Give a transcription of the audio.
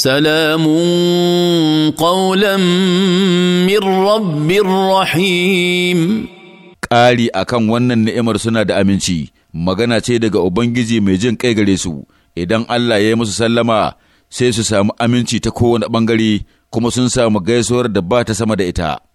سلام قولا من رب رحيم ƙari a kan wannan ni'imar suna da aminci magana ce daga Ubangiji mai jin kai gare su idan Allah ya yi musu sallama sai su samu aminci ta kowane ɓangare kuma sun samu gaisuwar da ba ta sama da ita.